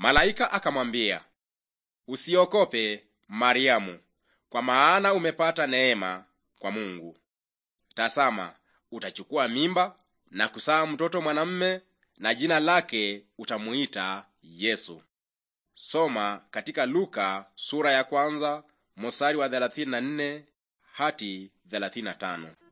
Malaika akamwambia, usiokope Mariamu, kwa maana umepata neema kwa Mungu. tasama utachukua mimba na kusaa mtoto mwanamume, na jina lake utamuita Yesu. Soma katika Luka sura ya kwanza mstari wa 34 hati 35.